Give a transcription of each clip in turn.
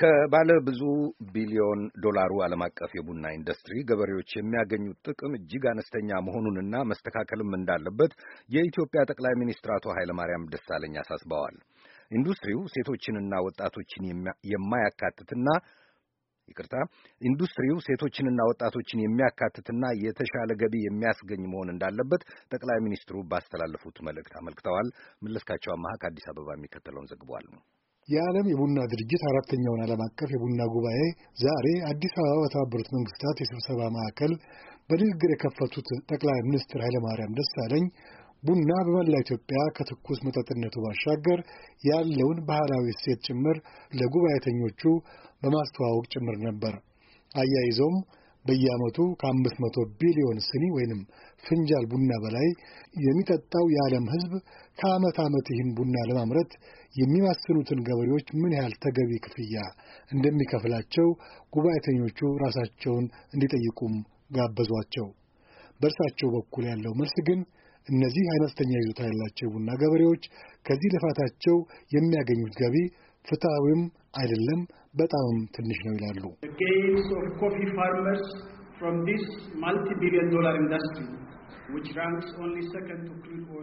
ከባለ ብዙ ቢሊዮን ዶላሩ ዓለም አቀፍ የቡና ኢንዱስትሪ ገበሬዎች የሚያገኙት ጥቅም እጅግ አነስተኛ መሆኑንና መስተካከልም እንዳለበት የኢትዮጵያ ጠቅላይ ሚኒስትር አቶ ኃይለማርያም ደሳለኝ አሳስበዋል። ኢንዱስትሪው ሴቶችንና ወጣቶችን የማያካትትና ይቅርታ፣ ኢንዱስትሪው ሴቶችንና ወጣቶችን የሚያካትትና የተሻለ ገቢ የሚያስገኝ መሆን እንዳለበት ጠቅላይ ሚኒስትሩ ባስተላለፉት መልእክት አመልክተዋል። መለስካቸው አማሃ ከአዲስ አበባ የሚከተለውን ዘግቧል። የዓለም የቡና ድርጅት አራተኛውን ዓለም አቀፍ የቡና ጉባኤ ዛሬ አዲስ አበባ በተባበሩት መንግስታት የስብሰባ ማዕከል በንግግር የከፈቱት ጠቅላይ ሚኒስትር ኃይለማርያም ደሳለኝ ቡና በመላ ኢትዮጵያ ከትኩስ መጠጥነቱ ባሻገር ያለውን ባህላዊ እሴት ጭምር ለጉባኤተኞቹ በማስተዋወቅ ጭምር ነበር። አያይዘውም በየዓመቱ ከአምስት መቶ ቢሊዮን ስኒ ወይንም ፍንጃል ቡና በላይ የሚጠጣው የዓለም ሕዝብ ከዓመት ዓመት ይህን ቡና ለማምረት የሚማስኑትን ገበሬዎች ምን ያህል ተገቢ ክፍያ እንደሚከፍላቸው ጉባኤተኞቹ ራሳቸውን እንዲጠይቁም ጋበዟቸው። በእርሳቸው በኩል ያለው መልስ ግን እነዚህ አነስተኛ ይዞታ ያላቸው ቡና ገበሬዎች ከዚህ ልፋታቸው የሚያገኙት ገቢ ፍትሐዊም አይደለም፣ በጣምም ትንሽ ነው ይላሉ።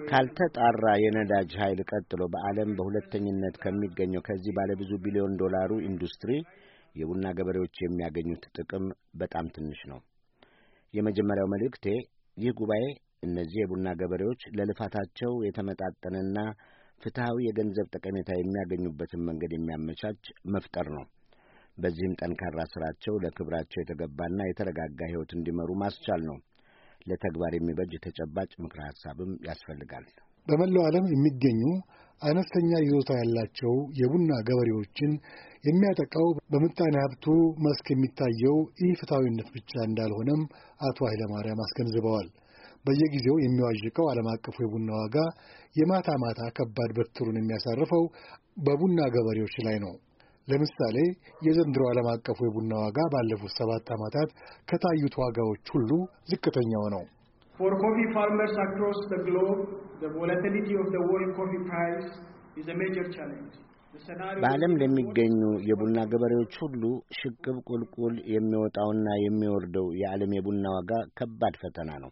ካልተጣራ የነዳጅ ኃይል ቀጥሎ በዓለም በሁለተኝነት ከሚገኘው ከዚህ ባለብዙ ቢሊዮን ዶላሩ ኢንዱስትሪ የቡና ገበሬዎች የሚያገኙት ጥቅም በጣም ትንሽ ነው። የመጀመሪያው መልእክቴ ይህ ጉባኤ እነዚህ የቡና ገበሬዎች ለልፋታቸው የተመጣጠነና ፍትሐዊ የገንዘብ ጠቀሜታ የሚያገኙበትን መንገድ የሚያመቻች መፍጠር ነው። በዚህም ጠንካራ ስራቸው ለክብራቸው የተገባና የተረጋጋ ሕይወት እንዲመሩ ማስቻል ነው። ለተግባር የሚበጅ ተጨባጭ ምክረ ሀሳብም ያስፈልጋል። በመላው ዓለም የሚገኙ አነስተኛ ይዞታ ያላቸው የቡና ገበሬዎችን የሚያጠቃው በምጣኔ ሀብቱ መስክ የሚታየው ይህ ፍትሐዊነት ብቻ እንዳልሆነም አቶ ኃይለማርያም አስገንዝበዋል። በየጊዜው የሚዋዥቀው ዓለም አቀፉ የቡና ዋጋ የማታ ማታ ከባድ በትሩን የሚያሳርፈው በቡና ገበሬዎች ላይ ነው። ለምሳሌ የዘንድሮ ዓለም አቀፉ የቡና ዋጋ ባለፉት ሰባት ዓመታት ከታዩት ዋጋዎች ሁሉ ዝቅተኛው ነው። በዓለም ለሚገኙ የቡና ገበሬዎች ሁሉ ሽቅብ ቁልቁል የሚወጣውና የሚወርደው የዓለም የቡና ዋጋ ከባድ ፈተና ነው።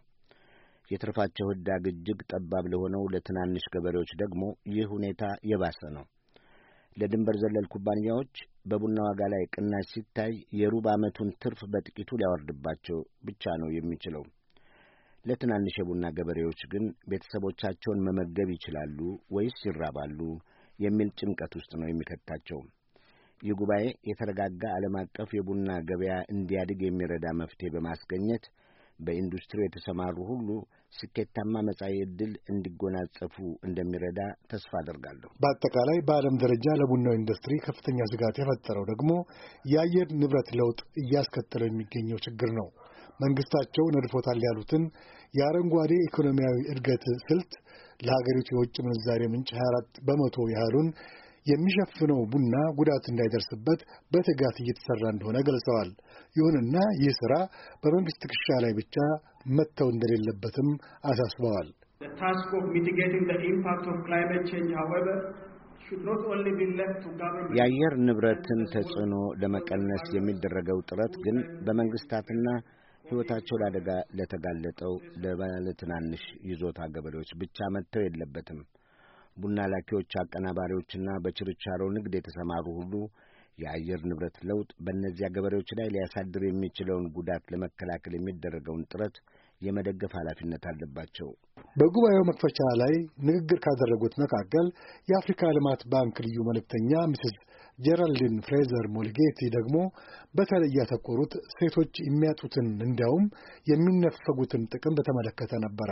የትርፋቸው ህዳግ እጅግ ጠባብ ለሆነው ለትናንሽ ገበሬዎች ደግሞ ይህ ሁኔታ የባሰ ነው። ለድንበር ዘለል ኩባንያዎች በቡና ዋጋ ላይ ቅናሽ ሲታይ የሩብ ዓመቱን ትርፍ በጥቂቱ ሊያወርድባቸው ብቻ ነው የሚችለው። ለትናንሽ የቡና ገበሬዎች ግን ቤተሰቦቻቸውን መመገብ ይችላሉ ወይስ ይራባሉ የሚል ጭንቀት ውስጥ ነው የሚከታቸው። ይህ ጉባኤ የተረጋጋ ዓለም አቀፍ የቡና ገበያ እንዲያድግ የሚረዳ መፍትሄ በማስገኘት በኢንዱስትሪው የተሰማሩ ሁሉ ስኬታማ መጻኢ ዕድል እንዲጎናጸፉ እንደሚረዳ ተስፋ አደርጋለሁ። በአጠቃላይ በዓለም ደረጃ ለቡናው ኢንዱስትሪ ከፍተኛ ስጋት የፈጠረው ደግሞ የአየር ንብረት ለውጥ እያስከተለው የሚገኘው ችግር ነው። መንግስታቸው ነድፎታል ያሉትን የአረንጓዴ ኢኮኖሚያዊ እድገት ስልት ለሀገሪቱ የውጭ ምንዛሬ ምንጭ 24 በመቶ ያህሉን የሚሸፍነው ቡና ጉዳት እንዳይደርስበት በትጋት እየተሰራ እንደሆነ ገልጸዋል። ይሁንና ይህ ስራ በመንግስት ትከሻ ላይ ብቻ መተው እንደሌለበትም አሳስበዋል። የአየር ንብረትን ተጽዕኖ ለመቀነስ የሚደረገው ጥረት ግን በመንግስታትና ሕይወታቸው ለአደጋ ለተጋለጠው ለባለትናንሽ ይዞታ ገበሬዎች ብቻ መተው የለበትም። ቡና ላኪዎች፣ አቀናባሪዎችና በችርቻሮ ንግድ የተሰማሩ ሁሉ የአየር ንብረት ለውጥ በእነዚያ ገበሬዎች ላይ ሊያሳድር የሚችለውን ጉዳት ለመከላከል የሚደረገውን ጥረት የመደገፍ ኃላፊነት አለባቸው። በጉባኤው መክፈቻ ላይ ንግግር ካደረጉት መካከል የአፍሪካ ልማት ባንክ ልዩ መልእክተኛ ምስስ ጄራልዲን ፍሬዘር ሞልጌቲ ደግሞ በተለይ ያተኮሩት ሴቶች የሚያጡትን እንዲያውም የሚነፈጉትን ጥቅም በተመለከተ ነበረ።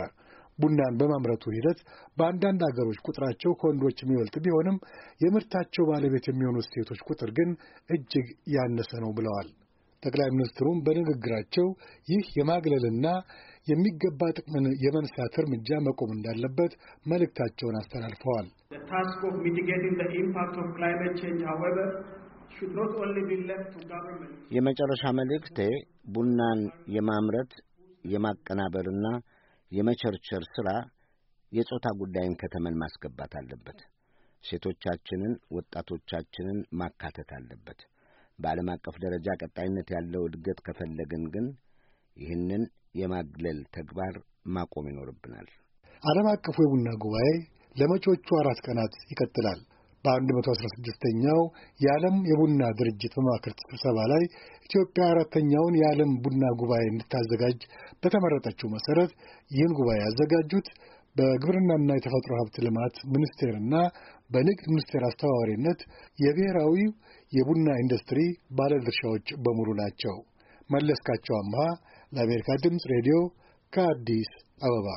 ቡናን በማምረቱ ሂደት በአንዳንድ አገሮች ቁጥራቸው ከወንዶች የሚበልጥ ቢሆንም የምርታቸው ባለቤት የሚሆኑት ሴቶች ቁጥር ግን እጅግ ያነሰ ነው ብለዋል። ጠቅላይ ሚኒስትሩም በንግግራቸው ይህ የማግለልና የሚገባ ጥቅምን የመንሳት እርምጃ መቆም እንዳለበት መልእክታቸውን አስተላልፈዋል። የመጨረሻ መልእክቴ ቡናን የማምረት የማቀናበርና የመቸርቸር ሥራ የጾታ ጉዳይን ከተመን ማስገባት አለበት። ሴቶቻችንን፣ ወጣቶቻችንን ማካተት አለበት። በዓለም አቀፍ ደረጃ ቀጣይነት ያለው እድገት ከፈለግን ግን ይህንን የማግለል ተግባር ማቆም ይኖርብናል። ዓለም አቀፉ የቡና ጉባኤ ለመጪዎቹ አራት ቀናት ይቀጥላል። በ116ኛው የዓለም የቡና ድርጅት መማክርት ስብሰባ ላይ ኢትዮጵያ አራተኛውን የዓለም ቡና ጉባኤ እንድታዘጋጅ በተመረጠችው መሰረት ይህን ጉባኤ ያዘጋጁት በግብርናና የተፈጥሮ ሀብት ልማት ሚኒስቴርና በንግድ ሚኒስቴር አስተባባሪነት የብሔራዊ የቡና ኢንዱስትሪ ባለድርሻዎች በሙሉ ናቸው። መለስካቸው አምሃ ለአሜሪካ ድምፅ ሬዲዮ ከአዲስ አበባ